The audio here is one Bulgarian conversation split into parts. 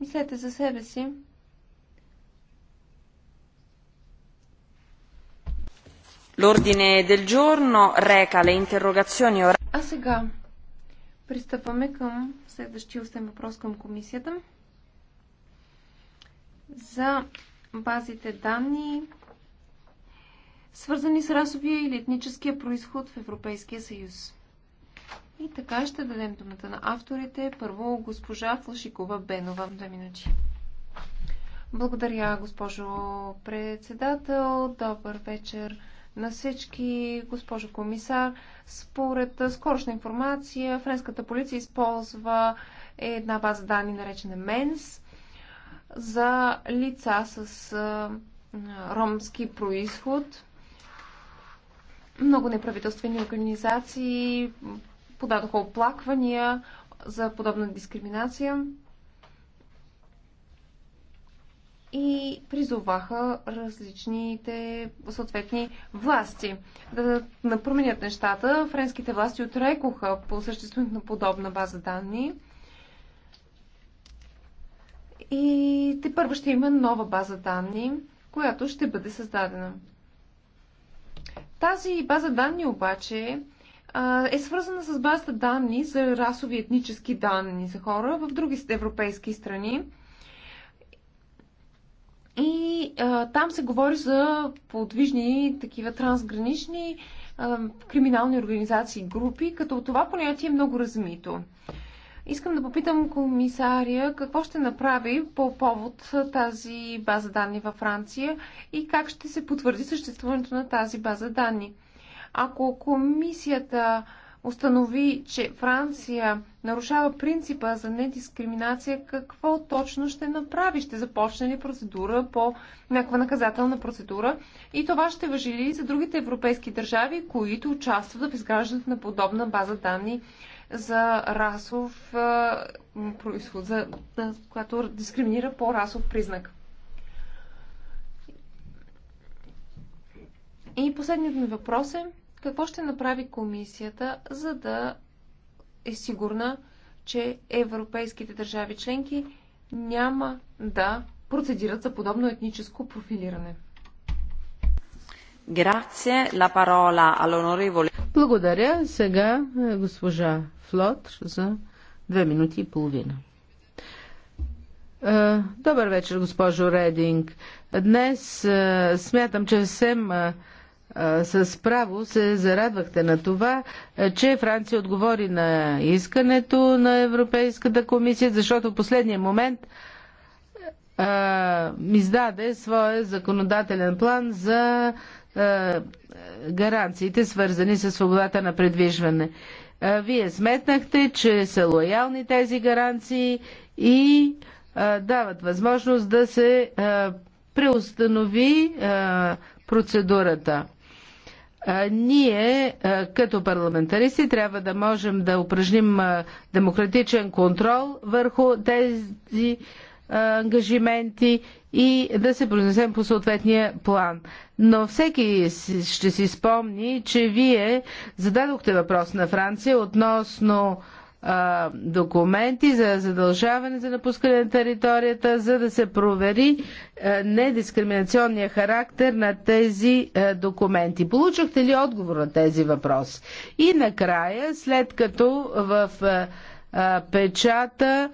Мислете за себе си. L'ordine del giorno reca le interrogazioni orali. А сега пристъпваме към следващия устен въпрос към комисията за базите данни, свързани с расовия или етническия происход в Европейския съюз. И така ще дадем думата на авторите. Първо госпожа Флашикова Бенова. Две минути. Благодаря, госпожо председател. Добър вечер на всички, госпожо комисар. Според скорошна информация, френската полиция използва една база данни, наречена МЕНС, за лица с ромски происход. Много неправителствени организации подадоха оплаквания за подобна дискриминация и призоваха различните съответни власти да променят нещата. Френските власти отрекоха по съществуването на подобна база данни. И те първо ще има нова база данни, която ще бъде създадена. Тази база данни обаче е свързана с базата данни за расови и етнически данни за хора в други европейски страни. И а, там се говори за подвижни, такива трансгранични а, криминални организации и групи, като това понятие е много размито. Искам да попитам комисария какво ще направи по повод тази база данни във Франция и как ще се потвърди съществуването на тази база данни. Ако комисията установи, че Франция нарушава принципа за недискриминация, какво точно ще направи? Ще започне ли процедура по някаква наказателна процедура? И това ще въжи ли за другите европейски държави, които участват в изграждането на подобна база данни за расов происход, за, която дискриминира по расов признак? И последният ми въпрос е, какво ще направи комисията, за да е сигурна, че европейските държави членки няма да процедират за подобно етническо профилиране? Благодаря. Сега е, госпожа Флот за две минути и половина. Е, добър вечер, госпожо Рединг. Днес е, смятам, че съвсем с право се зарадвахте на това, е, че Франция отговори на искането на Европейската комисия, защото в последния момент а, издаде своя законодателен план за а, гаранциите, свързани с свободата на предвижване. А, вие сметнахте, че са лоялни тези гаранции и а, дават възможност да се а, преустанови а, процедурата ние като парламентаристи трябва да можем да упражним демократичен контрол върху тези ангажименти и да се произнесем по съответния план. Но всеки ще си спомни, че вие зададохте въпрос на Франция относно а, документи за задължаване за напускане на територията, за да се провери а, недискриминационния характер на тези а, документи. Получахте ли отговор на тези въпроси? И накрая, след като в а, а, печата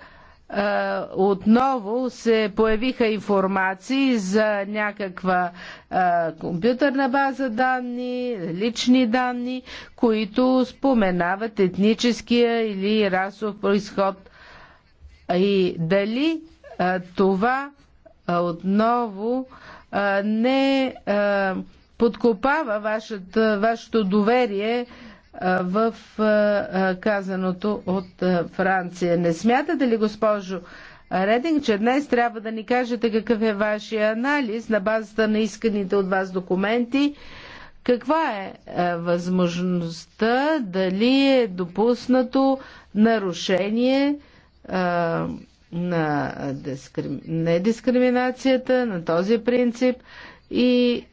е, отново се появиха информации за някаква а, е, компютърна база данни, лични данни, които споменават етническия или расов происход. И дали а, е, това а, отново не подкопава вашето доверие в казаното от Франция. Не смятате ли, госпожо Рединг, че днес трябва да ни кажете какъв е вашия анализ на базата на исканите от вас документи? Каква е възможността, дали е допуснато нарушение на дискрим... недискриминацията, на този принцип? и е,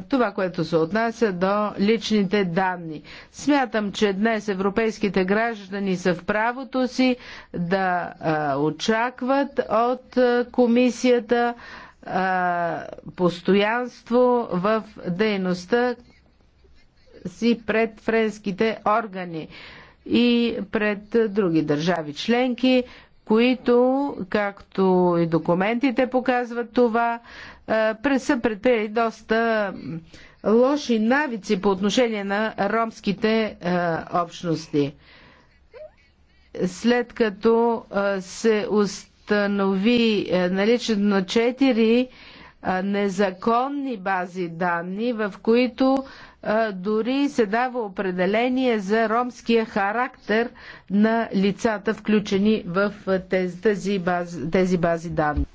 това, което се отнася до личните данни. Смятам, че днес европейските граждани са в правото си да е, очакват от е, комисията е, постоянство в дейността си пред френските органи и пред други държави членки, които, както и документите показват това, са предприели доста лоши навици по отношение на ромските е, общности. След като е, се установи е, наличието на четири незаконни бази данни, в които дори се дава определение за ромския характер на лицата, включени в тези бази, тези бази данни.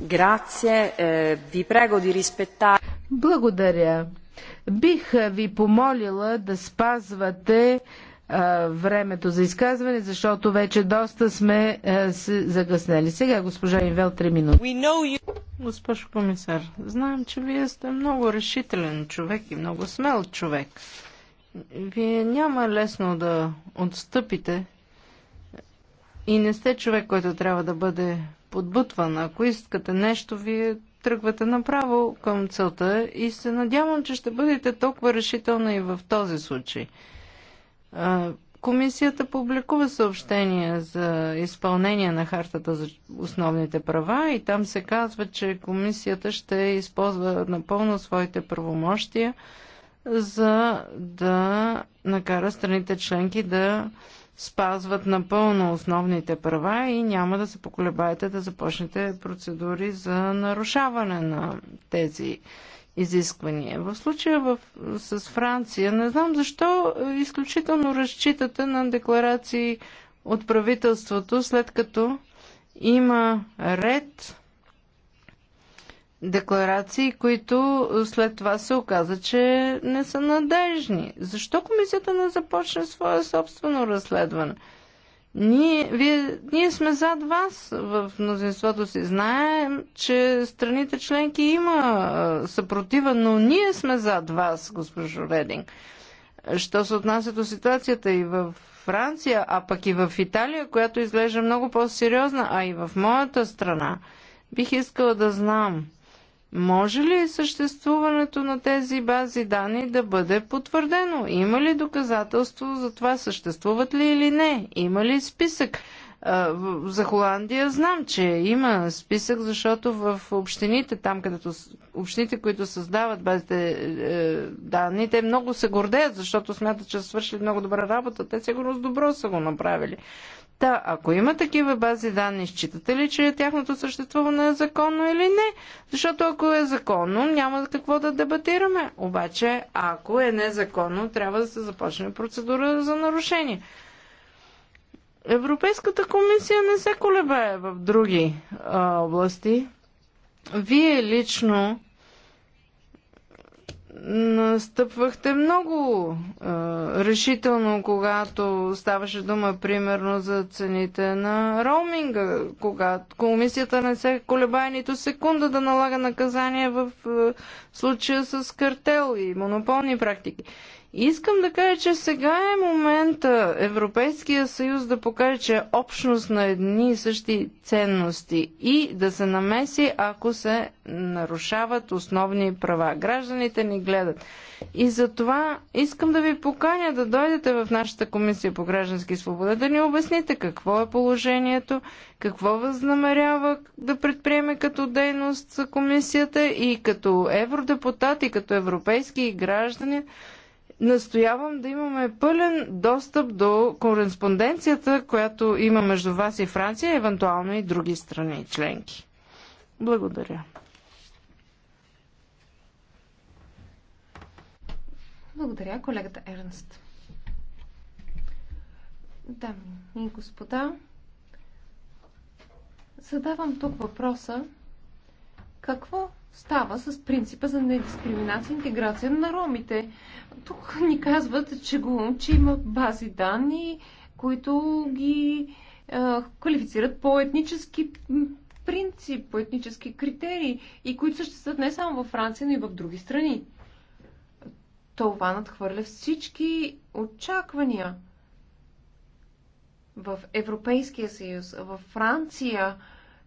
Eh, Благодаря. Бих ви помолила да спазвате времето за изказване, защото вече доста сме се закъснели. Сега госпожа Инвел, 3 минути. You... Госпожо комисар, знаем, че вие сте много решителен човек и много смел човек. Вие няма лесно да отстъпите и не сте човек, който трябва да бъде подбутвана. Ако искате нещо, вие тръгвате направо към целта и се надявам, че ще бъдете толкова решителна и в този случай. Комисията публикува съобщение за изпълнение на Хартата за основните права и там се казва, че комисията ще използва напълно своите правомощия за да накара страните членки да спазват напълно основните права и няма да се поколебаете да започнете процедури за нарушаване на тези изисквания. В случая в, с Франция, не знам защо изключително разчитате на декларации от правителството, след като има ред декларации, които след това се оказа, че не са надежни. Защо комисията не започне свое собствено разследване? Ние, вие, ние сме зад вас в мнозинството си. Знаем, че страните членки има съпротива, но ние сме зад вас, госпожо Рединг. Що се отнася до ситуацията и в Франция, а пък и в Италия, която изглежда много по-сериозна, а и в моята страна, бих искала да знам – може ли съществуването на тези бази данни да бъде потвърдено? Има ли доказателство за това? Съществуват ли или не? Има ли списък? За Холандия знам, че има списък, защото в общините, там където общините, които създават базите е, е, данни, те много се гордеят, защото смятат, че са свършили много добра работа. Те сигурно с добро са го направили. Та, ако има такива бази данни, считате ли, че тяхното съществуване е законно или не? Защото ако е законно, няма какво да дебатираме. Обаче, ако е незаконно, трябва да се започне процедура за нарушение. Европейската комисия не се колебае в други а, области. Вие лично настъпвахте много е, решително, когато ставаше дума, примерно, за цените на роуминга, когато комисията не се колебае нито секунда да налага наказания в е, случая с картел и монополни практики. Е, Искам да кажа, че сега е момента Европейския съюз да покаже, че е общност на едни и същи ценности и да се намеси, ако се нарушават основни права. Гражданите ни гледат. И за това искам да ви поканя да дойдете в нашата комисия по граждански свобода, да ни обясните какво е положението, какво възнамерява да предприеме като дейност комисията и като евродепутат и като европейски граждани настоявам да имаме пълен достъп до кореспонденцията, която има между вас и Франция, евентуално и други страни и членки. Благодаря. Благодаря, колегата Ернст. Дами и господа, задавам тук въпроса какво става с принципа за недискриминация и интеграция на ромите. Тук ни казват, че, го, че има бази данни, които ги е, квалифицират по етнически принцип, по етнически критерии и които съществуват не само във Франция, но и в други страни. Това надхвърля всички очаквания. В Европейския съюз, във Франция,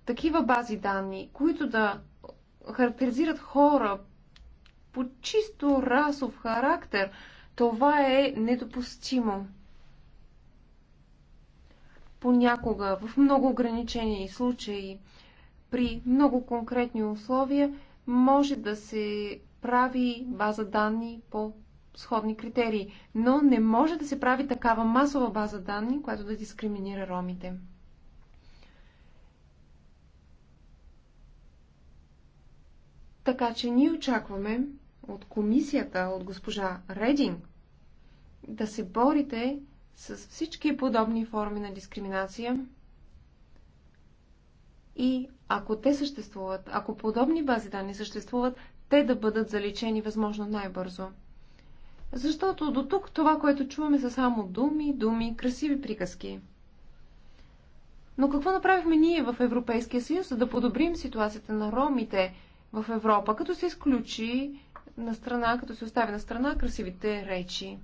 такива бази данни, които да характеризират хора по чисто расов характер, това е недопустимо. Понякога, в много ограничени случаи, при много конкретни условия, може да се прави база данни по сходни критерии, но не може да се прави такава масова база данни, която да дискриминира ромите. Така че ние очакваме от комисията, от госпожа Рединг, да се борите с всички подобни форми на дискриминация и ако те съществуват, ако подобни бази данни съществуват, те да бъдат заличени възможно най-бързо. Защото до тук това, което чуваме са само думи, думи, красиви приказки. Но какво направихме ние в Европейския съюз, за да подобрим ситуацията на ромите – в Европа, като се изключи на страна, като се остави на страна красивите речи.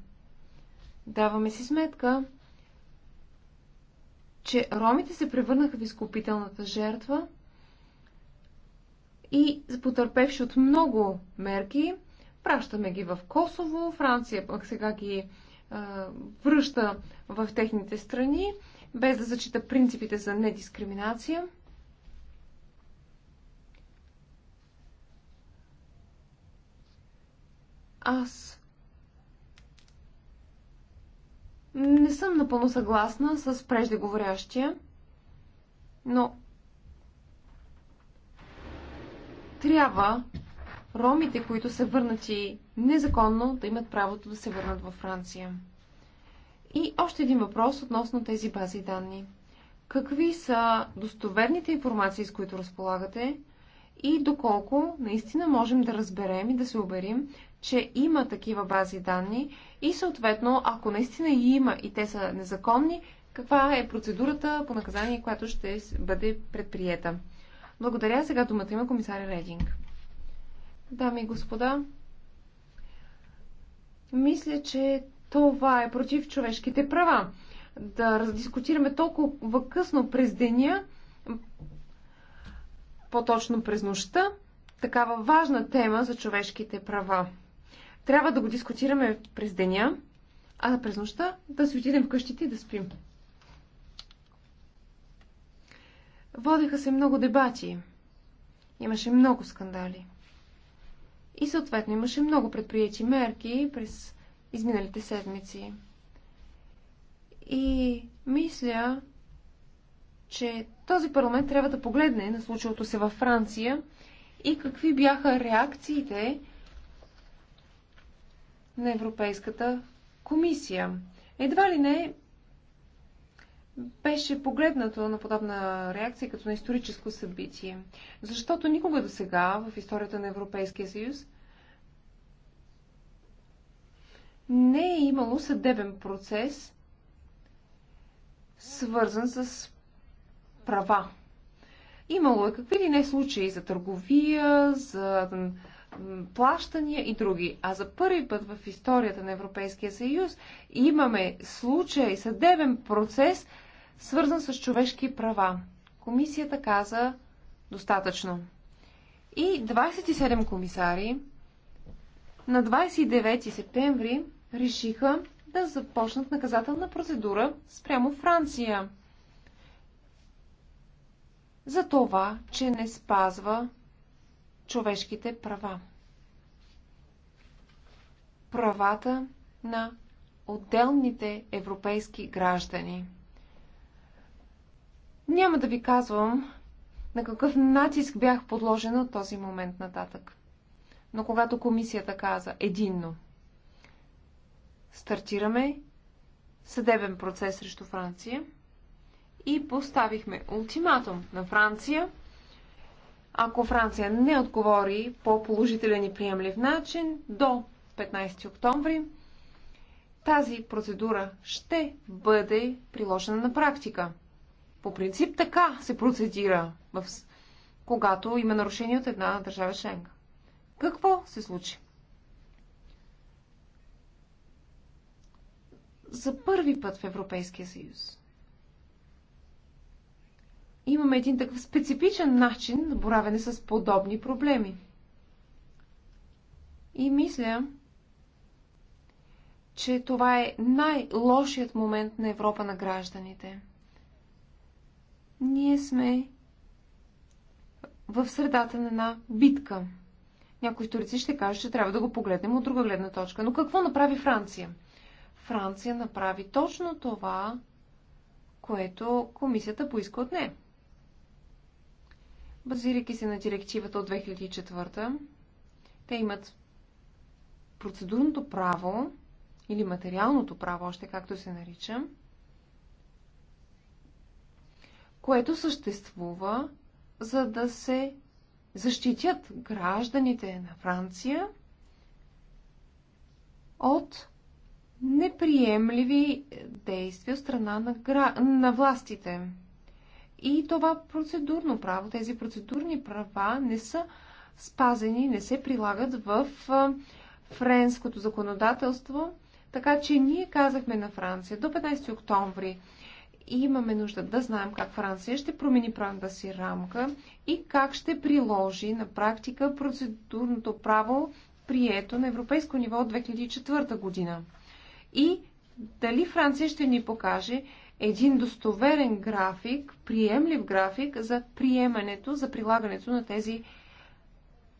Даваме си сметка, че ромите се превърнаха в изкупителната жертва и потърпевши от много мерки, пращаме ги в Косово, Франция пък сега ги а, връща в техните страни, без да зачита принципите за недискриминация – Аз не съм напълно съгласна с преждеговорящия, но трябва ромите, които са върнати незаконно, да имат правото да се върнат във Франция. И още един въпрос относно тези бази данни. Какви са достоверните информации, с които разполагате и доколко наистина можем да разберем и да се уверим, че има такива бази данни и съответно, ако наистина и има и те са незаконни, каква е процедурата по наказание, която ще бъде предприета. Благодаря. Сега думата има комисаря Рединг. Дами и господа, мисля, че това е против човешките права. Да раздискутираме толкова късно през деня, по-точно през нощта, такава важна тема за човешките права. Трябва да го дискутираме през деня, а през нощта да си отидем къщите и да спим. Водеха се много дебати. Имаше много скандали. И съответно имаше много предприяти мерки през изминалите седмици. И мисля, че този парламент трябва да погледне на случилото се във Франция и какви бяха реакциите на Европейската комисия. Едва ли не беше погледнато на подобна реакция като на историческо събитие. Защото никога до сега в историята на Европейския съюз не е имало съдебен процес, свързан с права. Имало е какви ли не случаи за търговия, за плащания и други. А за първи път в историята на Европейския съюз имаме случай, съдебен процес, свързан с човешки права. Комисията каза достатъчно. И 27 комисари на 29 септември решиха да започнат наказателна процедура спрямо Франция. За това, че не спазва човешките права. Правата на отделните европейски граждани. Няма да ви казвам на какъв натиск бях подложена от този момент нататък. Но когато комисията каза единно, стартираме съдебен процес срещу Франция и поставихме ултиматум на Франция – ако Франция не отговори по положителен и приемлив начин до 15 октомври, тази процедура ще бъде приложена на практика. По принцип така се процедира, когато има нарушение от една държава членка. Какво се случи? За първи път в Европейския съюз имаме един такъв специфичен начин на боравене с подобни проблеми. И мисля, че това е най-лошият момент на Европа на гражданите. Ние сме в средата на една битка. Някои историци ще кажат, че трябва да го погледнем от друга гледна точка. Но какво направи Франция? Франция направи точно това, което комисията поиска от нея базирайки се на директивата от 2004, те имат процедурното право или материалното право, още както се нарича, което съществува, за да се защитят гражданите на Франция от неприемливи действия от страна на, гра... на властите. И това процедурно право, тези процедурни права не са спазени, не се прилагат в френското законодателство. Така че ние казахме на Франция до 15 октомври и имаме нужда да знаем как Франция ще промени правната си рамка и как ще приложи на практика процедурното право, прието на европейско ниво от 2004 година. И дали Франция ще ни покаже, един достоверен график, приемлив график за приемането, за прилагането на тези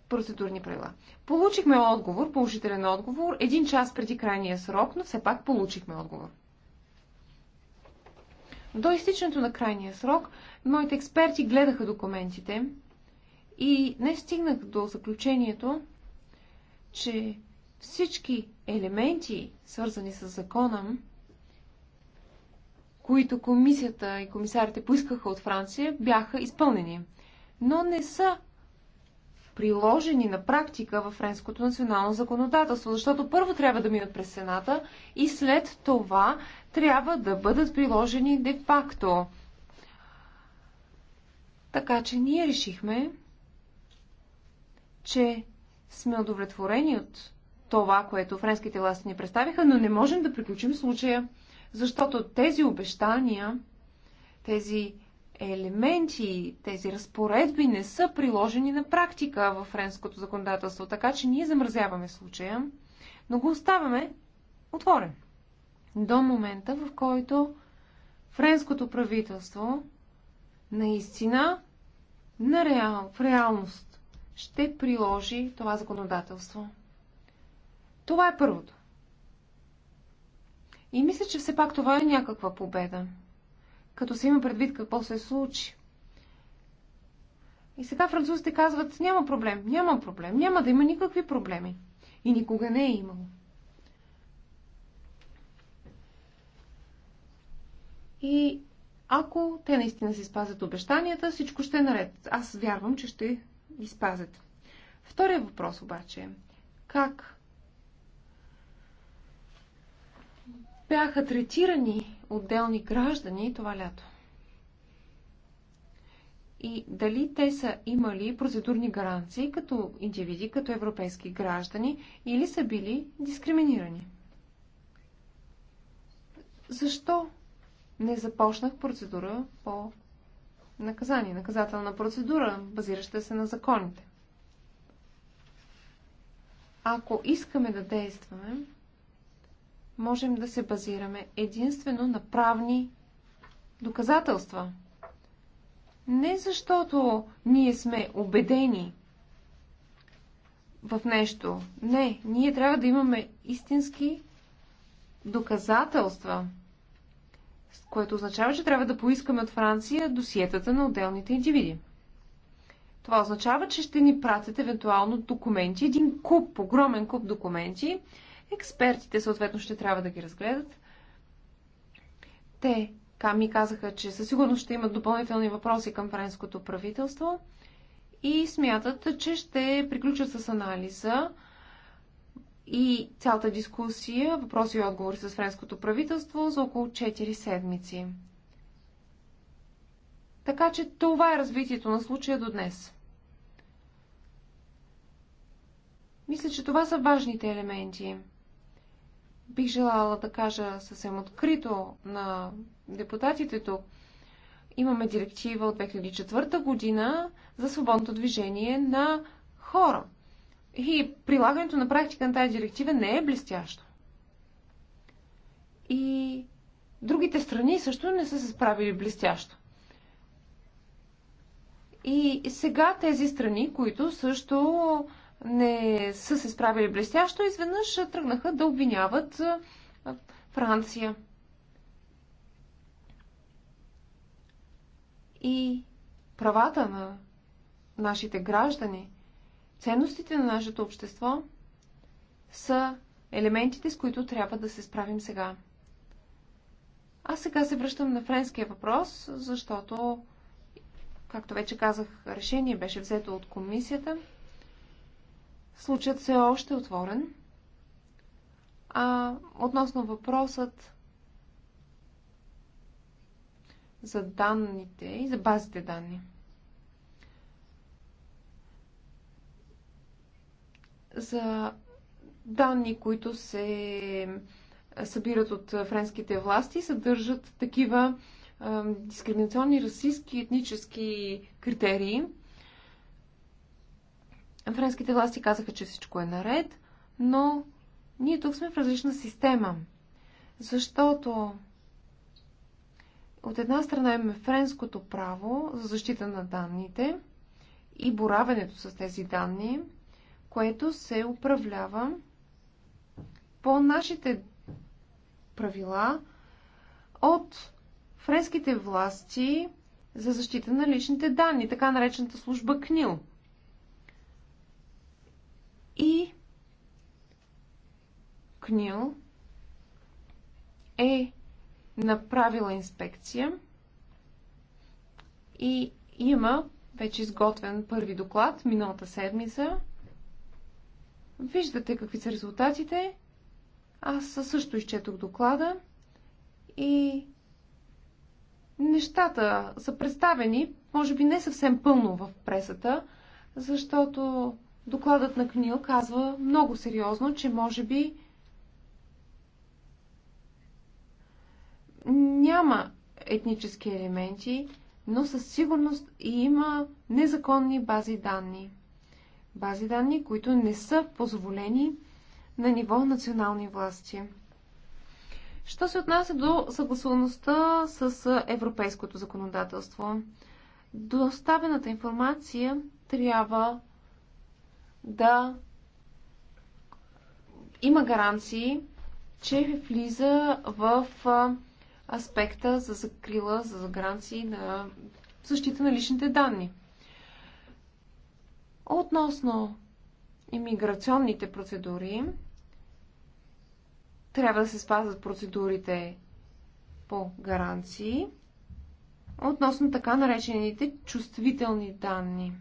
процедурни правила. Получихме отговор, положителен отговор, един час преди крайния срок, но все пак получихме отговор. До изтичането на крайния срок, моите експерти гледаха документите и не стигнах до заключението, че всички елементи, свързани с закона, които комисията и комисарите поискаха от Франция, бяха изпълнени, но не са приложени на практика във френското национално законодателство, защото първо трябва да минат през Сената и след това трябва да бъдат приложени де-факто. Така че ние решихме, че сме удовлетворени от това, което френските власти ни представиха, но не можем да приключим случая. Защото тези обещания, тези елементи, тези разпоредби не са приложени на практика в френското законодателство, така че ние замразяваме случая, но го оставаме отворен. До момента, в който френското правителство наистина на реал, в реалност ще приложи това законодателство. Това е първото. И мисля, че все пак това е някаква победа, като се има предвид какво се случи. И сега французите казват, няма проблем, няма проблем, няма да има никакви проблеми. И никога не е имало. И ако те наистина си спазят обещанията, всичко ще е наред. Аз вярвам, че ще ги спазят. Втория въпрос обаче е как бяха третирани отделни граждани това лято? И дали те са имали процедурни гаранции като индивиди, като европейски граждани или са били дискриминирани? Защо не започнах процедура по наказание, наказателна процедура, базираща се на законите? Ако искаме да действаме, можем да се базираме единствено на правни доказателства. Не защото ние сме убедени в нещо. Не, ние трябва да имаме истински доказателства, което означава, че трябва да поискаме от Франция досиетата на отделните индивиди. Това означава, че ще ни пратят евентуално документи, един куп, огромен куп документи, Експертите съответно ще трябва да ги разгледат. Те ми казаха, че със сигурност ще имат допълнителни въпроси към френското правителство и смятат, че ще приключат с анализа и цялата дискусия, въпроси и отговори с френското правителство за около 4 седмици. Така че това е развитието на случая до днес. Мисля, че това са важните елементи бих желала да кажа съвсем открито на депутатите тук. Имаме директива от 2004 година за свободното движение на хора. И прилагането на практика на тази директива не е блестящо. И другите страни също не са се справили блестящо. И сега тези страни, които също не са се справили блестящо, изведнъж тръгнаха да обвиняват Франция. И правата на нашите граждани, ценностите на нашето общество са елементите, с които трябва да се справим сега. Аз сега се връщам на френския въпрос, защото, както вече казах, решение беше взето от комисията. Случаят все още е отворен. А относно въпросът за данните и за базите данни. За данни, които се събират от френските власти, съдържат такива дискриминационни, расистски, етнически критерии – Френските власти казаха, че всичко е наред, но ние тук сме в различна система. Защото от една страна имаме френското право за защита на данните и боравенето с тези данни, което се управлява по нашите правила от френските власти за защита на личните данни, така наречената служба КНИЛ – и КНИЛ е направила инспекция и има вече изготвен първи доклад миналата седмица. Виждате какви са резултатите. Аз също изчетох доклада и нещата са представени, може би не съвсем пълно в пресата, защото Докладът на КНИЛ казва много сериозно, че може би няма етнически елементи, но със сигурност и има незаконни бази данни. Бази данни, които не са позволени на ниво национални власти. Що се отнася до съгласуваността с европейското законодателство? Доставената информация трябва да има гаранции, че влиза в аспекта за закрила, за гаранции на защита на личните данни. Относно иммиграционните процедури, трябва да се спазват процедурите по гаранции относно така наречените чувствителни данни.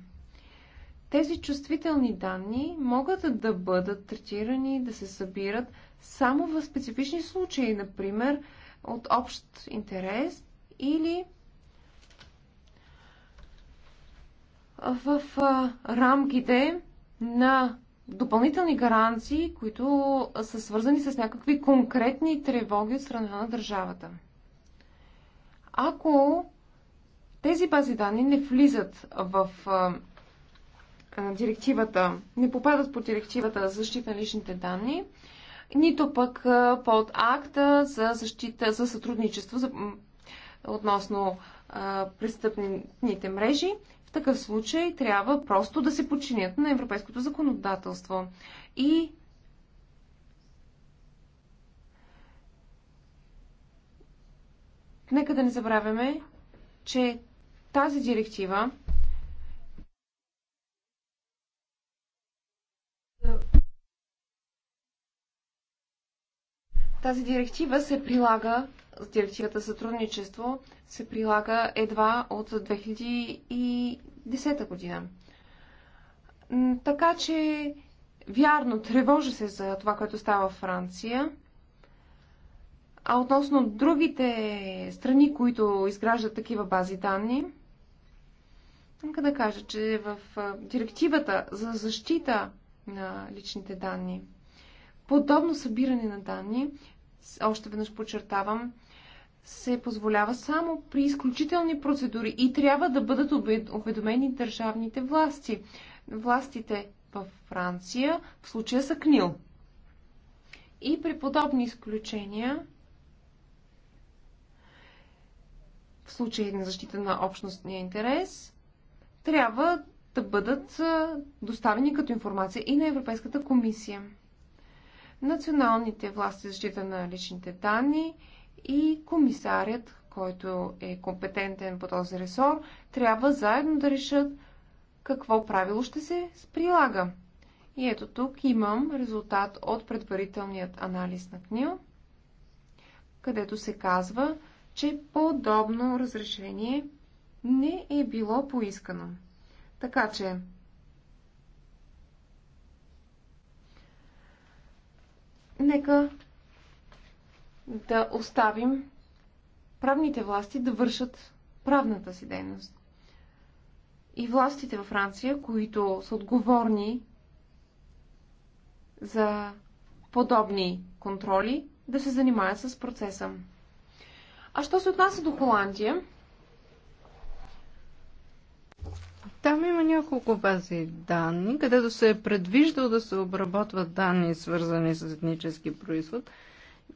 Тези чувствителни данни могат да бъдат третирани, да се събират само в специфични случаи, например от общ интерес или в рамките на допълнителни гаранции, които са свързани с някакви конкретни тревоги от страна на държавата. Ако тези бази данни не влизат в директивата, не попадат по директивата за защита на личните данни, нито пък под акта за защита, за сътрудничество за, относно а, престъпните мрежи. В такъв случай трябва просто да се подчинят на европейското законодателство. И нека да не забравяме, че тази директива Тази директива се прилага, директивата сътрудничество се прилага едва от 2010 година. Така че, вярно, тревожа се за това, което става във Франция. А относно другите страни, които изграждат такива бази данни, нека да кажа, че в директивата за защита на личните данни, подобно събиране на данни още веднъж подчертавам, се позволява само при изключителни процедури и трябва да бъдат уведомени държавните власти. Властите във Франция в случая са КНИЛ. И при подобни изключения, в случай на защита на общностния интерес, трябва да бъдат доставени като информация и на Европейската комисия националните власти за защита на личните данни и комисарят, който е компетентен по този ресор, трябва заедно да решат какво правило ще се прилага. И ето тук имам резултат от предварителният анализ на КНИО, където се казва, че подобно разрешение не е било поискано. Така че нека да оставим правните власти да вършат правната си дейност. И властите във Франция, които са отговорни за подобни контроли, да се занимаят с процеса. А що се отнася до Холандия, Там има няколко бази данни, където се е предвиждал да се обработват данни, свързани с етнически происход.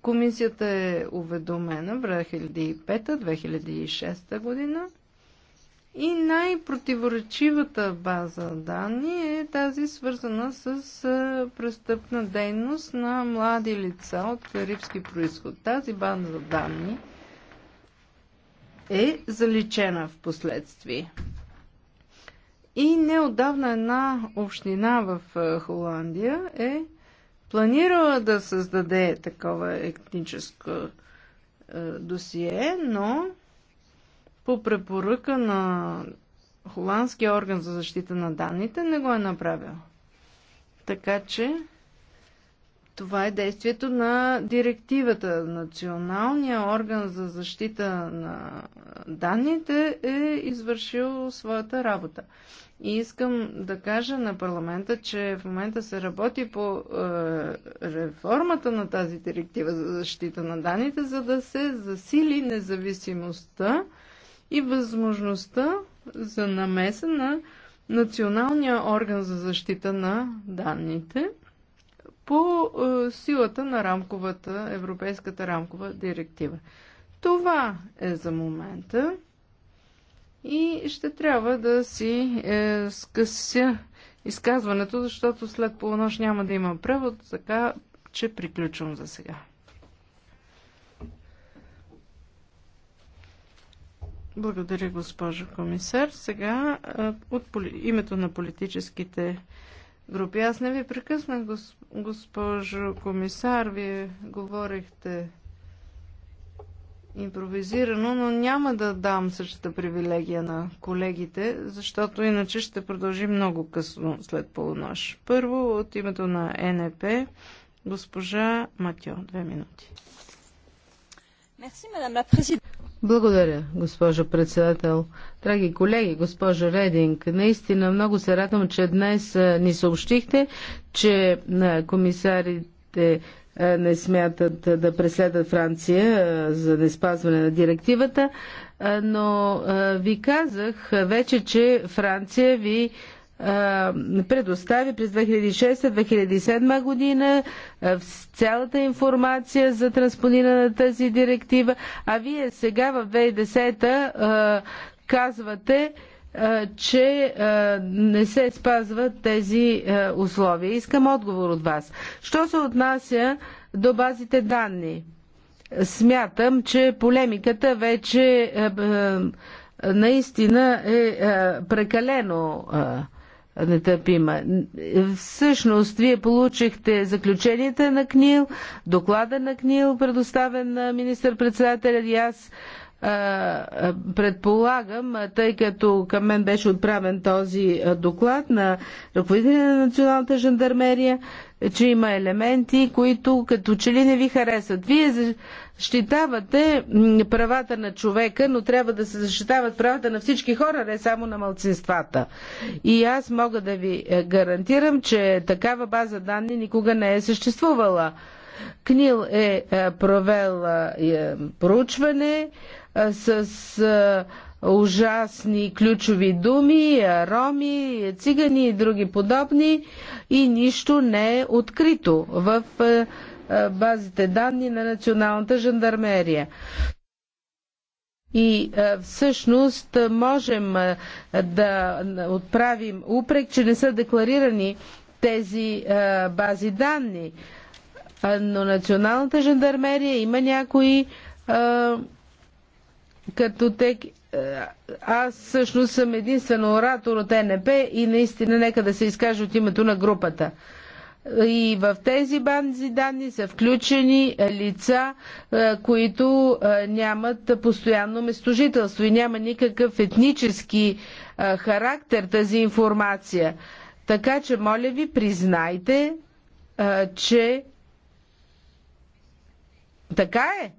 Комисията е уведомена в 2005-2006 година. И най-противоречивата база данни е тази свързана с престъпна дейност на млади лица от карибски происход. Тази база данни е заличена в последствие. И неодавна една община в е, Холандия е планирала да създаде такова етническо е, досие, но по препоръка на Холандския орган за защита на данните не го е направил. Така че това е действието на директивата. Националния орган за защита на данните е извършил своята работа. И искам да кажа на парламента, че в момента се работи по е, реформата на тази директива за защита на данните, за да се засили независимостта и възможността за намеса на Националния орган за защита на данните по е, силата на рамковата, европейската рамкова директива. Това е за момента. И ще трябва да си е, скъся изказването, защото след полунощ няма да има превод, така че приключвам за сега. Благодаря, госпожо комисар. Сега е, от името на политическите групи. Аз не ви прекъснах, госпожо комисар. Вие говорихте импровизирано, но няма да дам същата привилегия на колегите, защото иначе ще продължи много късно след полунощ. Първо от името на НП госпожа Матьо. Две минути. Благодаря, госпожо председател. Драги колеги, госпожо Рединг, наистина много се радвам, че днес ни съобщихте, че комисарите е, не смятат е, да преследват Франция е, за не спазване на директивата, но ви казах вече, че Франция ви предостави през 2006-2007 година цялата информация за транспониране на тази директива, а вие сега в 2010 казвате, че не се спазват тези условия. Искам отговор от вас. Що се отнася до базите данни? Смятам, че полемиката вече наистина е прекалено нетърпима. Всъщност, вие получихте заключенията на КНИЛ, доклада на КНИЛ, предоставен на министър-председателя и аз предполагам, тъй като към мен беше отправен този доклад на ръководителя на Националната жандармерия, че има елементи, които като че ли не ви харесват. Вие защитавате правата на човека, но трябва да се защитават правата на всички хора, не само на малцинствата. И аз мога да ви е, гарантирам, че такава база данни никога не е съществувала. КНИЛ е, е провел е, е, проучване с ужасни ключови думи, роми, цигани и други подобни и нищо не е открито в базите данни на Националната жандармерия. И всъщност можем да отправим упрек, че не са декларирани тези бази данни но националната жандармерия има някои а, като те... Аз всъщност съм единствено оратор от НП и наистина нека да се изкажа от името на групата. И в тези банзи данни са включени лица, които нямат постоянно местожителство и няма никакъв етнически характер тази информация. Така че, моля ви, признайте, че така е,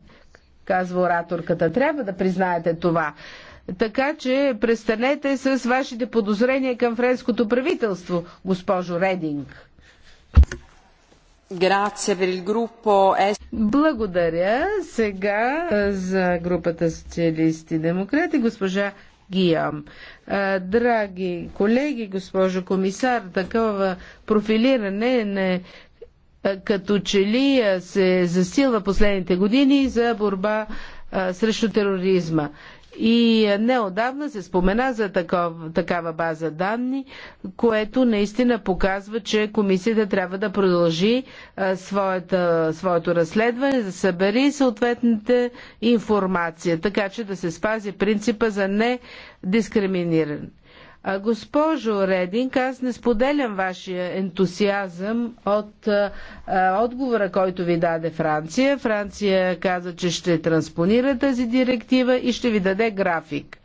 казва ораторката. Трябва да признаете това. Така че престанете с вашите подозрения към френското правителство, госпожо Рединг. Благодаря сега за групата социалисти и демократи, госпожа Гиам. Драги колеги, госпожо комисар, такова профилиране не е, като че ли е, се засилва последните години за борба е, срещу тероризма. И неодавна се спомена за таков, такава база данни, което наистина показва, че комисията трябва да продължи а, своята, своето разследване, да събери съответните информация, така че да се спази принципа за недискриминиране. Госпожо Рединг, аз не споделям вашия ентусиазъм от а, отговора, който ви даде Франция. Франция каза, че ще транспонира тази директива и ще ви даде график.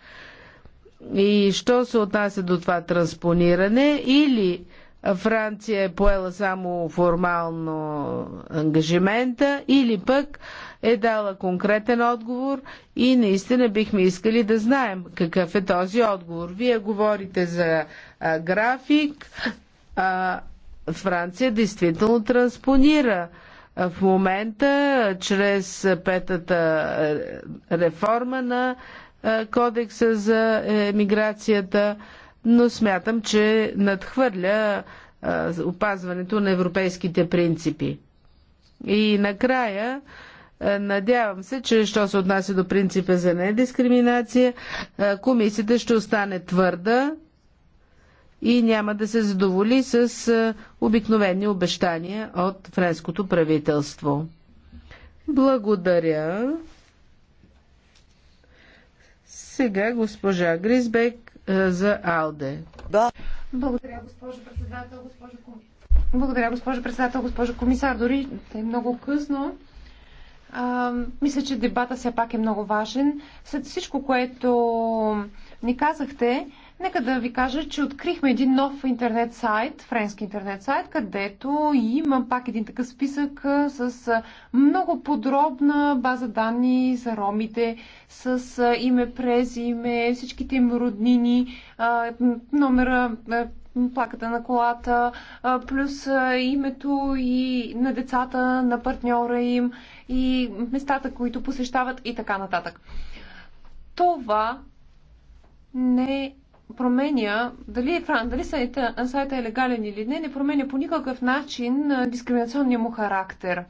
И що се отнася до това транспониране? Или Франция е поела само формално ангажимента или пък е дала конкретен отговор и наистина бихме искали да знаем какъв е този отговор. Вие говорите за а, график. А, Франция действително транспонира в момента чрез петата реформа на Кодекса за емиграцията но смятам, че надхвърля а, опазването на европейските принципи. И накрая, а, надявам се, че що се отнася до принципа за недискриминация, а, комисията ще остане твърда и няма да се задоволи с обикновени обещания от френското правителство. Благодаря. Сега госпожа Гризбек е, за АЛДЕ. Да. Благодаря, госпожо председател, госпожо Благодаря, госпожо председател, госпожо комисар. Дори е много късно. А, мисля, че дебата все пак е много важен. След всичко, което ни казахте, Нека да ви кажа, че открихме един нов интернет сайт, френски интернет сайт, където имам пак един такъв списък с много подробна база данни за ромите, с име, през име, всичките им роднини, номера, плаката на колата, плюс името и на децата, на партньора им и местата, които посещават и така нататък. Това не е променя дали, е, дали сайта, сайта е легален или не, не променя по никакъв начин дискриминационния му характер.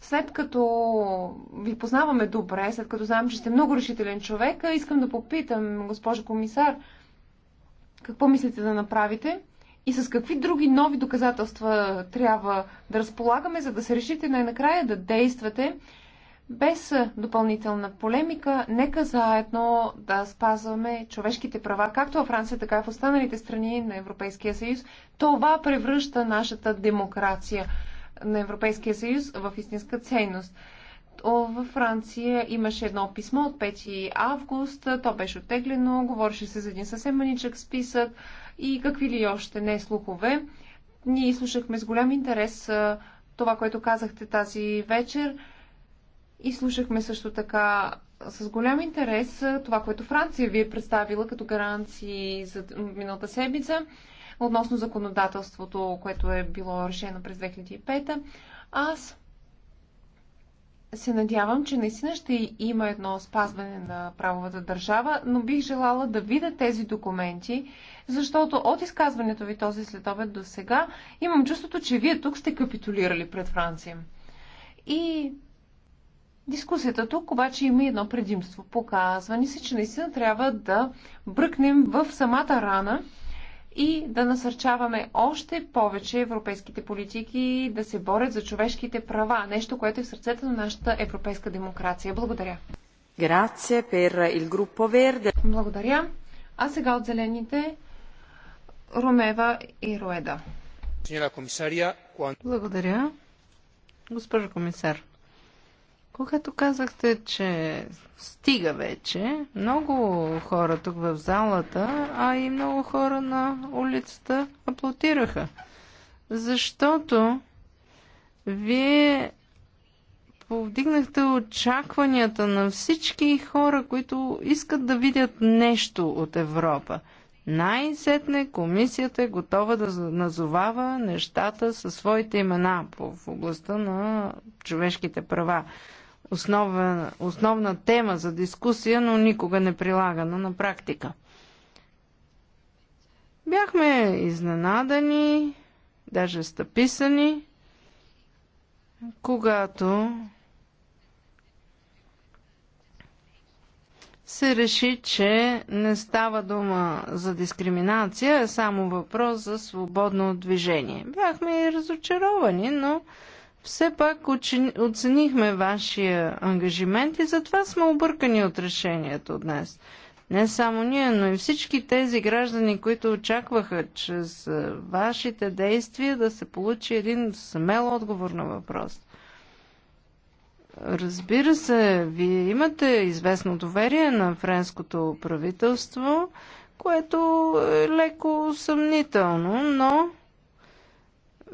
След като ви познаваме добре, след като знам, че сте много решителен човек, искам да попитам, госпожо комисар, какво мислите да направите и с какви други нови доказателства трябва да разполагаме, за да се решите най-накрая да действате без допълнителна полемика, нека заедно да спазваме човешките права, както във Франция, така и в останалите страни на Европейския съюз. Това превръща нашата демокрация на Европейския съюз в истинска ценност. Във Франция имаше едно писмо от 5 август, то беше оттеглено, говореше се за един съвсем маничък списък и какви ли още не слухове. Ние слушахме с голям интерес това, което казахте тази вечер и слушахме също така с голям интерес това, което Франция ви е представила като гаранции за миналата седмица относно законодателството, което е било решено през 2005. Аз се надявам, че наистина ще има едно спазване на правовата държава, но бих желала да видя тези документи, защото от изказването ви този следобед до сега имам чувството, че вие тук сте капитулирали пред Франция. И Дискусията тук обаче има едно предимство. Показва ни се, че наистина трябва да бръкнем в самата рана и да насърчаваме още повече европейските политики да се борят за човешките права. Нещо, което е в сърцето на нашата европейска демокрация. Благодаря. Благодаря. А сега от зелените Ромева и Роеда. Благодаря. Госпожо комисар, когато казахте, че стига вече, много хора тук в залата, а и много хора на улицата аплодираха. Защото вие повдигнахте очакванията на всички хора, които искат да видят нещо от Европа. Най-сетне комисията е готова да назовава нещата със своите имена в областта на човешките права основа, основна тема за дискусия, но никога не прилагана на практика. Бяхме изненадани, даже стъписани, когато се реши, че не става дума за дискриминация, а само въпрос за свободно движение. Бяхме и разочаровани, но все пак оценихме вашия ангажимент и затова сме объркани от решението днес. Не само ние, но и всички тези граждани, които очакваха чрез вашите действия да се получи един смел отговор на въпрос. Разбира се, вие имате известно доверие на френското правителство, което е леко съмнително, но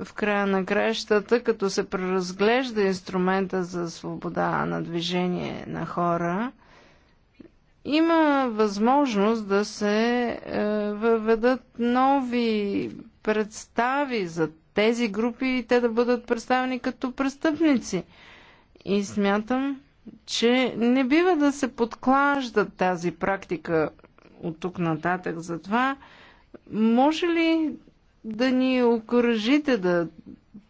в края на краищата, като се преразглежда инструмента за свобода на движение на хора, има възможност да се е, въведат нови представи за тези групи и те да бъдат представени като престъпници. И смятам, че не бива да се подклажда тази практика от тук нататък. Затова може ли да ни окоръжите да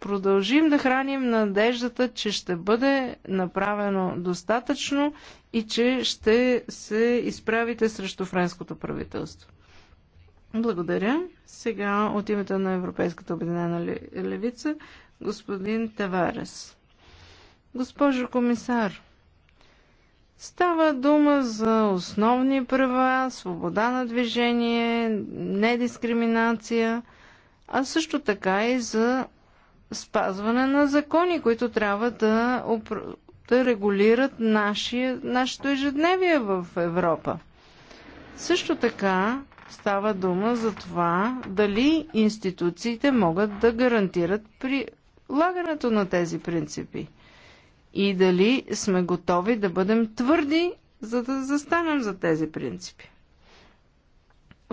продължим да храним надеждата, че ще бъде направено достатъчно и че ще се изправите срещу френското правителство. Благодаря. Сега от името на Европейската обединена левица, господин Таварес. Госпожо комисар, Става дума за основни права, свобода на движение, недискриминация – а също така и за спазване на закони, които трябва да, да регулират нашия, нашето ежедневие в Европа. Също така става дума за това дали институциите могат да гарантират прилагането на тези принципи и дали сме готови да бъдем твърди, за да застанем за тези принципи.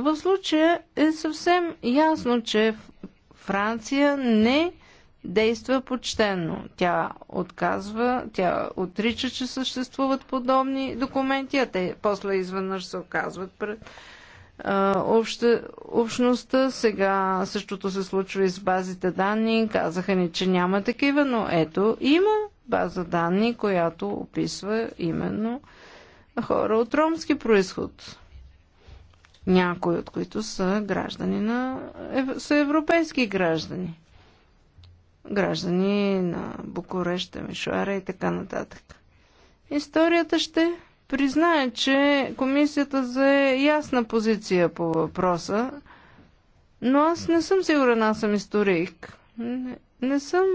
В случая е съвсем ясно, че Франция не действа почтенно. Тя отказва, тя отрича, че съществуват подобни документи, а те после изведнъж се оказват пред Обще, общността. Сега същото се случва и с базите данни. Казаха ни, че няма такива, но ето има база данни, която описва именно хора от ромски происход някои от които са граждани на, са европейски граждани. Граждани на Букуреща, Мишуара и така нататък. Историята ще признае, че комисията за ясна позиция по въпроса, но аз не съм сигурен, аз съм историк. Не, не съм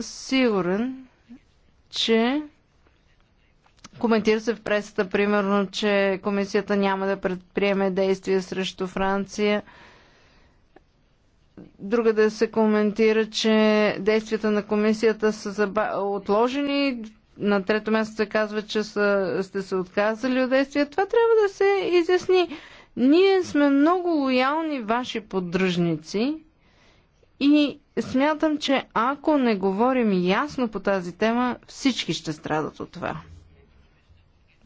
сигурен, че Коментира се в пресата, примерно, че комисията няма да предприеме действия срещу Франция. Друга да се коментира, че действията на комисията са заба... отложени. На трето място се казва, че са... сте се отказали от действия. Това трябва да се изясни. Ние сме много лоялни ваши поддръжници и смятам, че ако не говорим ясно по тази тема, всички ще страдат от това.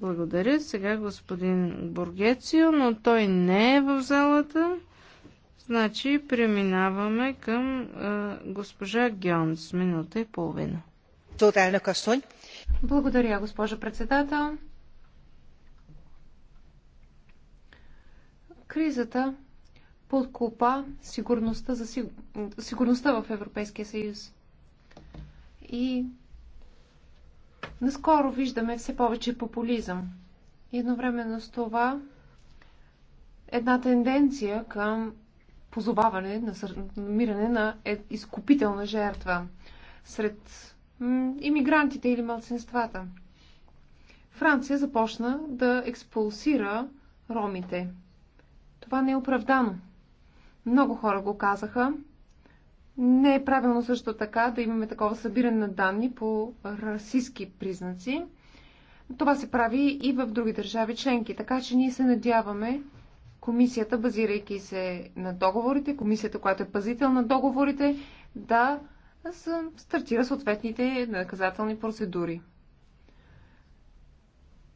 Благодаря. Сега господин Бургецио, но той не е в залата. Значи преминаваме към а, госпожа Гьонс. Минута и половина. Е Благодаря, госпожо председател. Кризата подкопа сигурността, за сигурността в Европейския съюз. И Наскоро виждаме все повече популизъм. И едновременно с това една тенденция към позоваване, на намиране на е, изкупителна жертва сред иммигрантите или малцинствата. Франция започна да експулсира ромите. Това не е оправдано. Много хора го казаха не е правилно също така да имаме такова събиране на данни по расистски признаци. Това се прави и в други държави членки, така че ние се надяваме комисията, базирайки се на договорите, комисията, която е пазител на договорите, да стартира съответните наказателни процедури.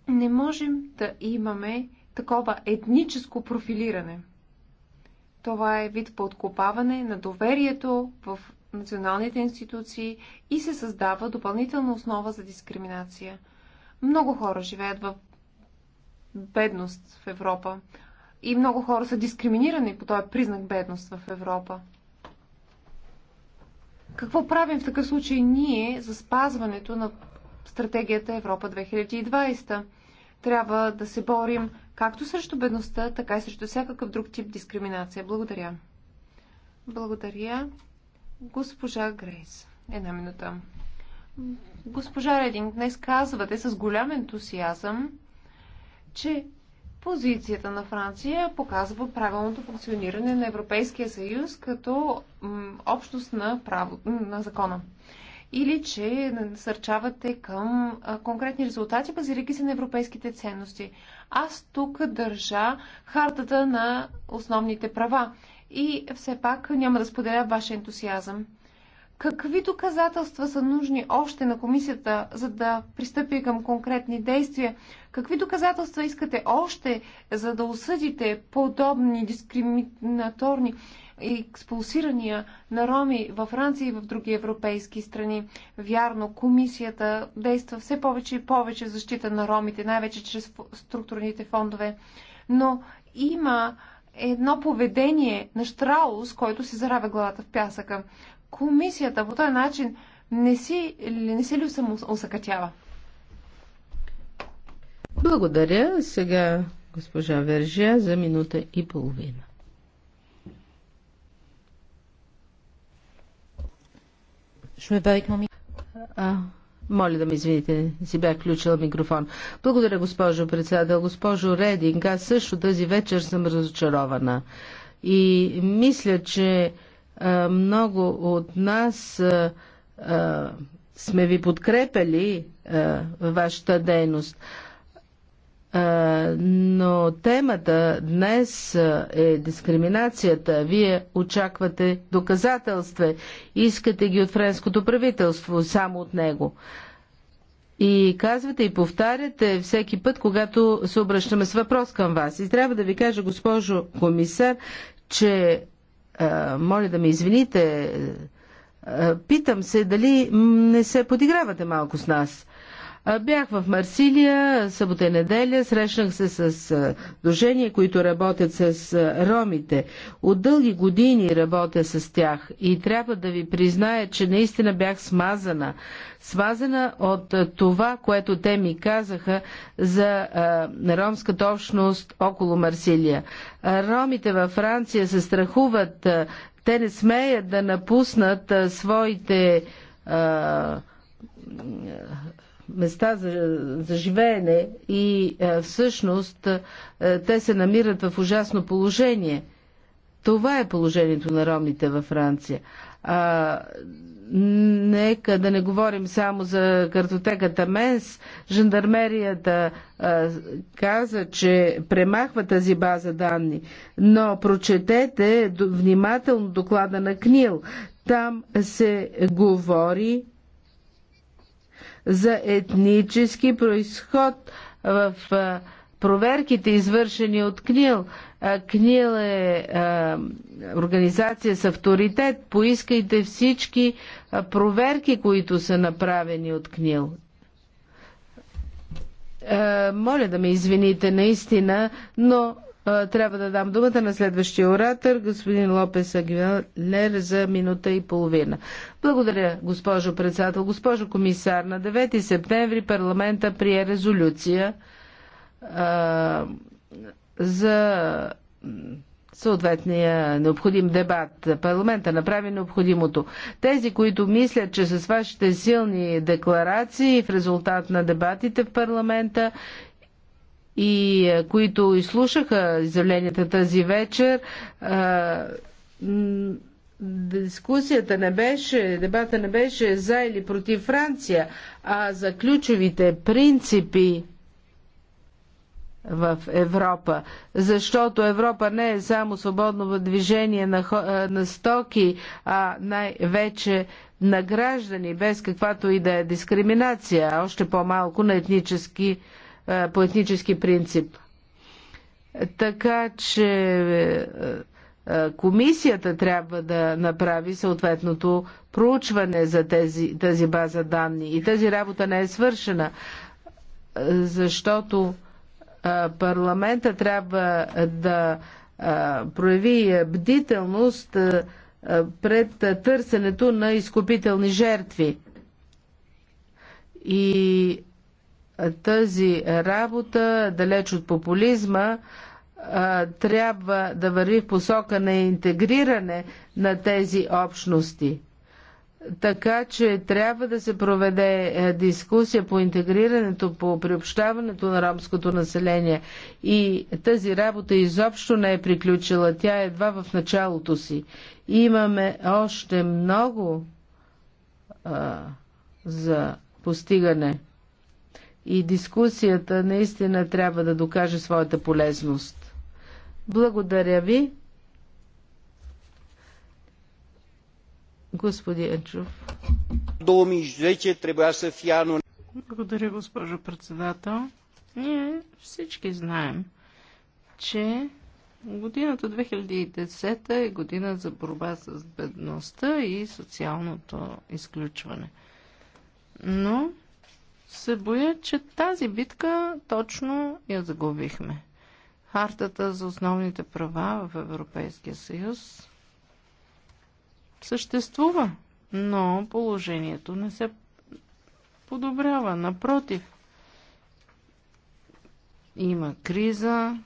Не можем да имаме такова етническо профилиране – това е вид подкопаване на доверието в националните институции и се създава допълнителна основа за дискриминация. Много хора живеят в бедност в Европа и много хора са дискриминирани по този признак бедност в Европа. Какво правим в такъв случай ние за спазването на стратегията Европа 2020? Трябва да се борим както срещу бедността, така и срещу всякакъв друг тип дискриминация. Благодаря. Благодаря. Госпожа Грейс. Една минута. Госпожа Рединг, днес казвате с голям ентусиазъм, че позицията на Франция показва правилното функциониране на Европейския съюз като общност на, право, на закона. Или че насърчавате към конкретни резултати, базирайки се на европейските ценности. Аз тук държа хартата на основните права и все пак няма да споделя вашия ентусиазъм. Какви доказателства са нужни още на комисията, за да пристъпи към конкретни действия? Какви доказателства искате още, за да осъдите подобни дискриминаторни експулсирания на роми във Франция и в други европейски страни. Вярно, комисията действа все повече и повече в защита на ромите, най-вече чрез структурните фондове. Но има едно поведение на Штраус, който си заравя главата в пясъка. Комисията по този начин не си, не си ли усъкатява. Благодаря. Сега госпожа Вержия за минута и половина. моля да ме извините, си бях включила микрофон. Благодаря, госпожо председател. Госпожо Рединг, аз също тази вечер съм разочарована. И мисля, че а, много от нас а, а, сме ви подкрепили а, вашата дейност но темата днес е дискриминацията. Вие очаквате доказателства, искате ги от френското правителство, само от него. И казвате и повтаряте всеки път, когато се обръщаме с въпрос към вас. И трябва да ви кажа, госпожо комисар, че моля да ме извините, питам се дали не се подигравате малко с нас. Бях в Марсилия, събота и неделя, срещнах се с дружения, които работят с ромите. От дълги години работя с тях и трябва да ви призная, че наистина бях смазана. Смазана от това, което те ми казаха за ромската общност около Марсилия. Ромите във Франция се страхуват, те не смеят да напуснат своите места за, за живеене и е, всъщност е, те се намират в ужасно положение. Това е положението на ромите във Франция. А, нека да не говорим само за картотеката МЕНС. Жандармерията а, е, каза, че премахва тази база данни, но прочетете внимателно доклада на КНИЛ. Там се говори за етнически происход в проверките, извършени от КНИЛ. КНИЛ е организация с авторитет. Поискайте всички проверки, които са направени от КНИЛ моля да ме извините наистина, но трябва да дам думата на следващия оратор, господин Лопес Агилер, за минута и половина. Благодаря, госпожо председател. Госпожо комисар, на 9 септември парламента прие резолюция а, за съответния необходим дебат. Парламента направи необходимото. Тези, които мислят, че с вашите силни декларации в резултат на дебатите в парламента и е, които изслушаха изявленията тази вечер, дискусията не беше, дебата не беше за или против Франция, а за ключовите принципи в Европа. Защото Европа не е само свободно движение на, на стоки, а най-вече на граждани, без каквато и да е дискриминация, а още по-малко на етнически е, по етнически принцип. Така че е, е, комисията трябва да направи съответното проучване за тези, тази база данни. И тази работа не е свършена, защото парламента трябва да прояви бдителност пред търсенето на изкупителни жертви. И тази работа, далеч от популизма, трябва да върви в посока на интегриране на тези общности. Така че трябва да се проведе е, дискусия по интегрирането, по приобщаването на ромското население. И тази работа изобщо не е приключила. Тя е едва в началото си. Имаме още много а, за постигане и дискусията наистина трябва да докаже своята полезност. Благодаря ви. Господин Енчов. вече трябва да фie anul. Благодаря, госпожо председател. Ние всички знаем, че годината 2010 е година за борба с бедността и социалното изключване. Но се боя, че тази битка точно я загубихме. Хартата за основните права в Европейския съюз съществува, но положението не се подобрява. Напротив, има криза,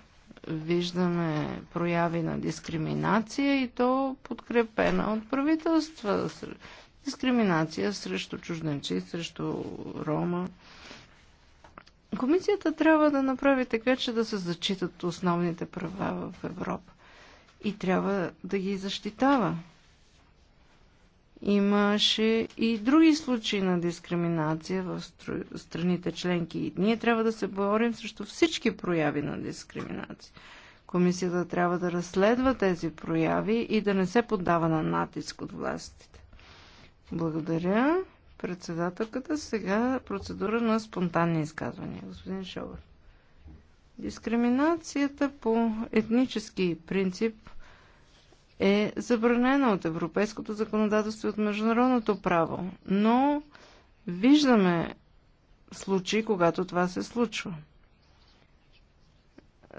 виждаме прояви на дискриминация и то подкрепена от правителства дискриминация срещу чужденци, срещу рома. Комисията трябва да направи така, че да се зачитат основните права в Европа и трябва да ги защитава. Имаше и други случаи на дискриминация в страните членки. и Ние трябва да се борим срещу всички прояви на дискриминация. Комисията трябва да разследва тези прояви и да не се поддава на натиск от властите. Благодаря. Председателката сега процедура на спонтанни изказвания. Господин Шовър. Дискриминацията по етнически принцип е забранена от европейското законодателство и от международното право, но виждаме случаи, когато това се случва.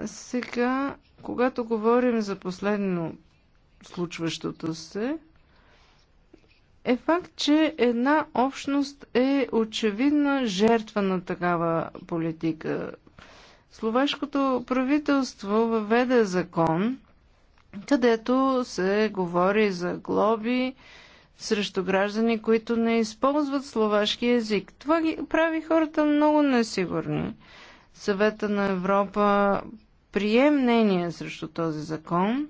Сега, когато говорим за последно случващото се, е факт, че една общност е очевидна жертва на такава политика. Словашкото правителство въведе закон, където се говори за глоби срещу граждани, които не използват словашки язик. Това ги прави хората много несигурни. Съвета на Европа прие мнение срещу този закон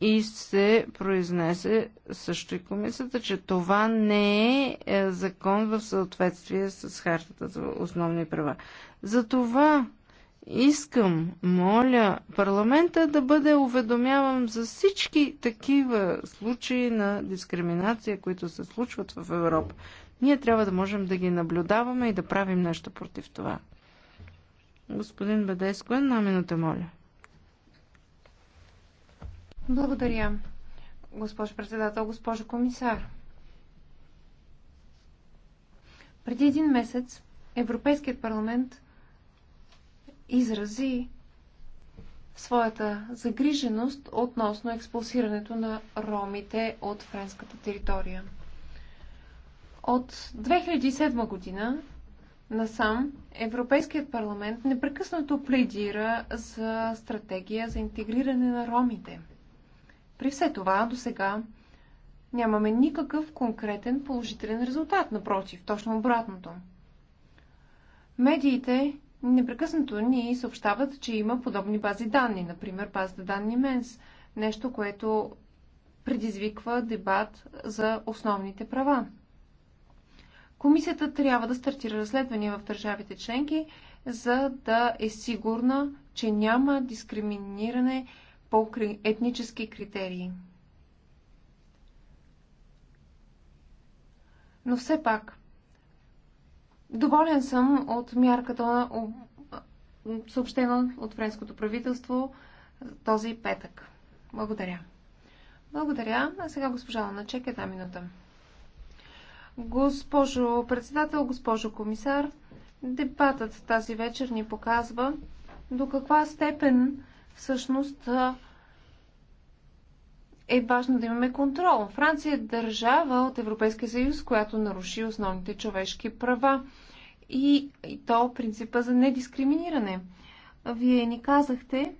и се произнесе също и комисията, че това не е, е закон в съответствие с хартата за основни права. Затова искам, моля, парламента да бъде уведомяван за всички такива случаи на дискриминация, които се случват в Европа. Ние трябва да можем да ги наблюдаваме и да правим нещо против това. Господин Бедеско, една минута, моля. Благодаря, госпожо председател, госпожо комисар. Преди един месец Европейският парламент изрази своята загриженост относно експулсирането на ромите от френската територия. От 2007 година насам Европейският парламент непрекъснато пледира за стратегия за интегриране на ромите – при все това до сега нямаме никакъв конкретен положителен резултат, напротив, точно обратното. Медиите непрекъснато ни съобщават, че има подобни бази данни, например базата данни МЕНС, нещо, което предизвиква дебат за основните права. Комисията трябва да стартира разследвания в държавите членки, за да е сигурна, че няма дискриминиране по етнически критерии. Но все пак, доволен съм от мярката, съобщена от френското правителство този петък. Благодаря. Благодаря. А сега госпожа Ланачек, една минута. Госпожо председател, госпожо комисар, дебатът тази вечер ни показва до каква степен всъщност е важно да имаме контрол. Франция е държава от Европейския съюз, която наруши основните човешки права и, и то принципа за недискриминиране. Вие ни казахте,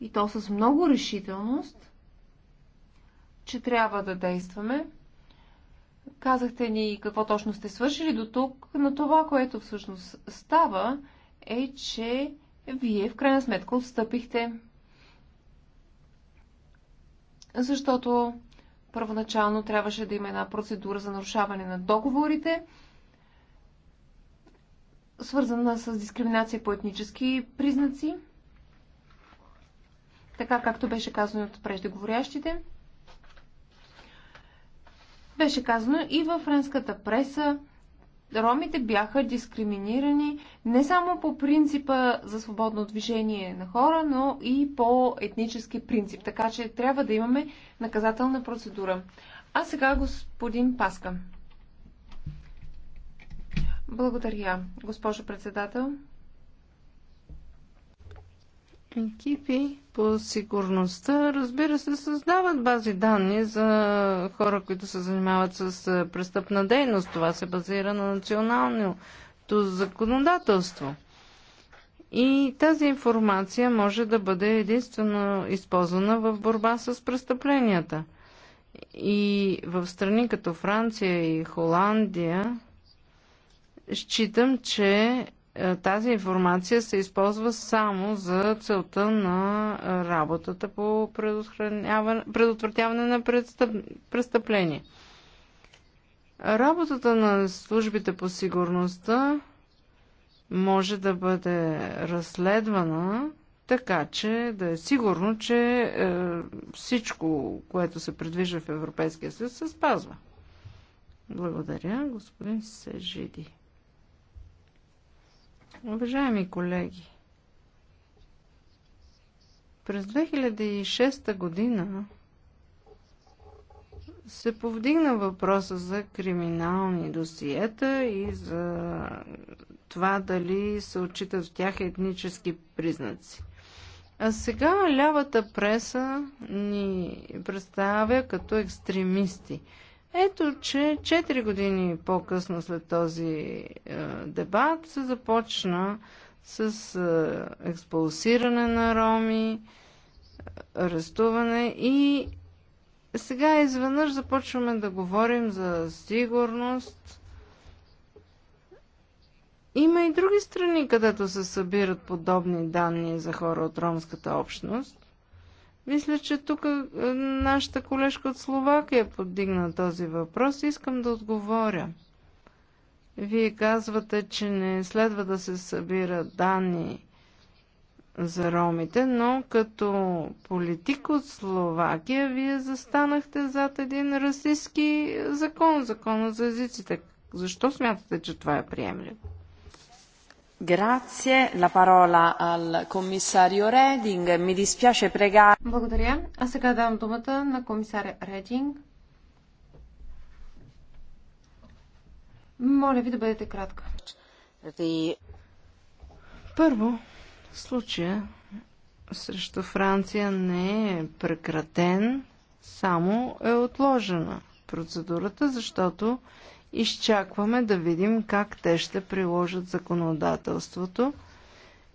и то с много решителност, че трябва да действаме. Казахте ни какво точно сте свършили до тук, но това, което всъщност става, е, че вие в крайна сметка отстъпихте, защото първоначално трябваше да има една процедура за нарушаване на договорите, свързана с дискриминация по етнически признаци, така както беше казано от преждеговорящите. Беше казано и във френската преса, ромите бяха дискриминирани не само по принципа за свободно движение на хора, но и по етнически принцип. Така че трябва да имаме наказателна процедура. А сега господин Паска. Благодаря, госпожо председател екипи по сигурността, разбира се, създават бази данни за хора, които се занимават с престъпна дейност. Това се базира на националното законодателство. И тази информация може да бъде единствено използвана в борба с престъпленията. И в страни като Франция и Холандия считам, че е, тази информация се използва само за целта на работата по предотвратяване на престъпление. Работата на службите по сигурността може да бъде разследвана така, че да е сигурно, че е, всичко, което се предвижда в Европейския съюз, се спазва. Благодаря, господин Сежиди. Уважаеми колеги, през 2006 година се повдигна въпроса за криминални досиета и за това дали се отчитат в тях етнически признаци. А сега лявата преса ни представя като екстремисти – ето, че 4 години по-късно след този е, дебат се започна с е, експулсиране на роми, е, арестуване и сега изведнъж започваме да говорим за сигурност. Има и други страни, където се събират подобни данни за хора от ромската общност. Мисля, че тук е, нашата колежка от Словакия поддигна този въпрос. Искам да отговоря. Вие казвате, че не следва да се събира данни за ромите, но като политик от Словакия, вие застанахте зад един расистски закон, закон за езиците. Защо смятате, че това е приемливо? Grazie. La parola al Благодаря. А сега давам думата на комисаря Рединг. Моля ви да бъдете кратка. The... Първо, случая срещу Франция не е прекратен, само е отложена процедурата, защото Изчакваме да видим как те ще приложат законодателството.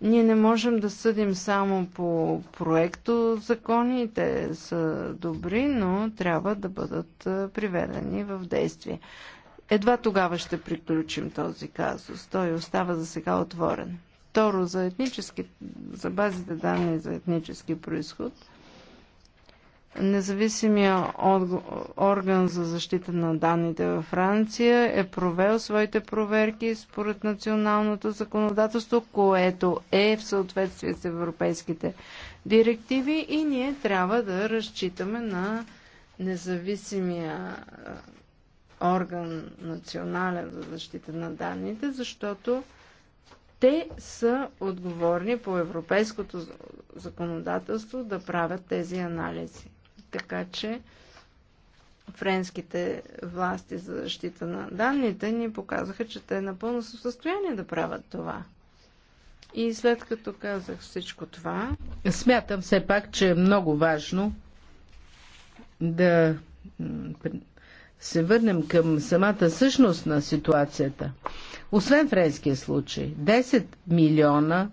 Ние не можем да съдим само по проекто закони, те са добри, но трябва да бъдат приведени в действие. Едва тогава ще приключим този казус. Той остава за сега отворен. Второ, за, етнически, за базите данни за етнически происход – Независимия орган за защита на данните във Франция е провел своите проверки според националното законодателство, което е в съответствие с европейските директиви и ние трябва да разчитаме на независимия орган национален за защита на данните, защото те са отговорни по европейското законодателство да правят тези анализи така че френските власти за защита на данните ни показаха, че те е напълно са в състояние да правят това. И след като казах всичко това... Смятам все пак, че е много важно да се върнем към самата същност на ситуацията. Освен френския случай, 10 милиона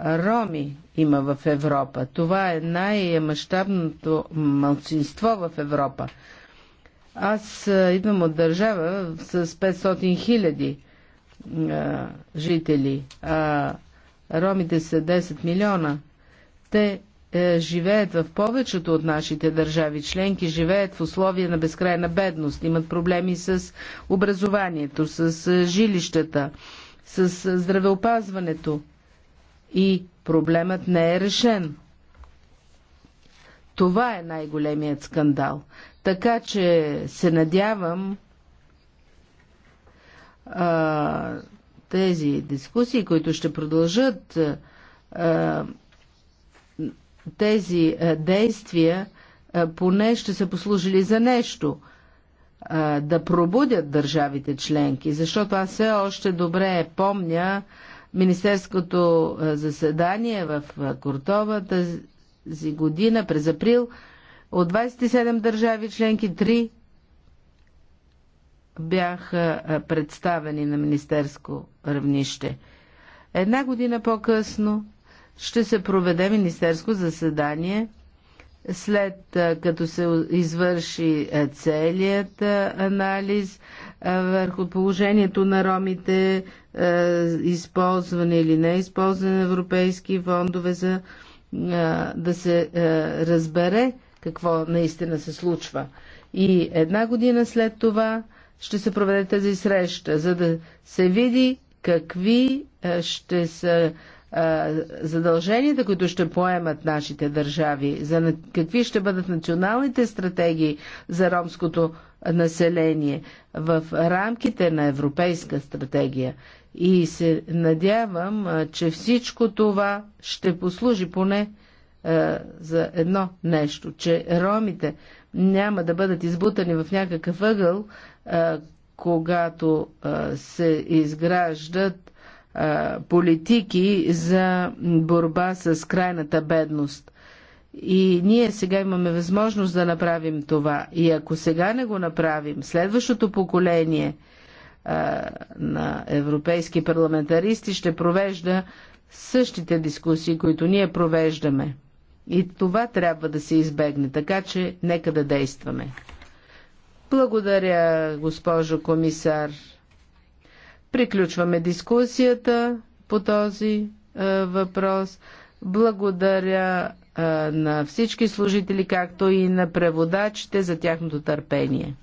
роми има в Европа. Това е най-мащабното малцинство в Европа. Аз идвам от държава с 500 хиляди жители, а ромите са 10 милиона. Те е, живеят в повечето от нашите държави членки, живеят в условия на безкрайна бедност, имат проблеми с образованието, с жилищата, с здравеопазването и проблемът не е решен. Това е най-големият скандал. Така че се надявам а, тези дискусии, които ще продължат, а, тези а, действия а, поне ще са послужили за нещо. А, да пробудят държавите членки, защото аз все още добре помня Министерското е, заседание в е, Куртова тази година през април от 27 държави членки 3 бяха е, представени на министерско равнище. Една година по-късно ще се проведе министерско заседание след като се извърши целият анализ върху положението на ромите, използване или не използване на европейски фондове, за да се разбере какво наистина се случва. И една година след това ще се проведе тази среща, за да се види какви ще са задълженията, които ще поемат нашите държави, за какви ще бъдат националните стратегии за ромското население в рамките на европейска стратегия. И се надявам, че всичко това ще послужи поне за едно нещо, че ромите няма да бъдат избутани в някакъв ъгъл, когато се изграждат политики за борба с крайната бедност. И ние сега имаме възможност да направим това. И ако сега не го направим, следващото поколение а, на европейски парламентаристи ще провежда същите дискусии, които ние провеждаме. И това трябва да се избегне, така че нека да действаме. Благодаря, госпожо комисар. Приключваме дискусията по този е, въпрос. Благодаря е, на всички служители, както и на преводачите за тяхното търпение.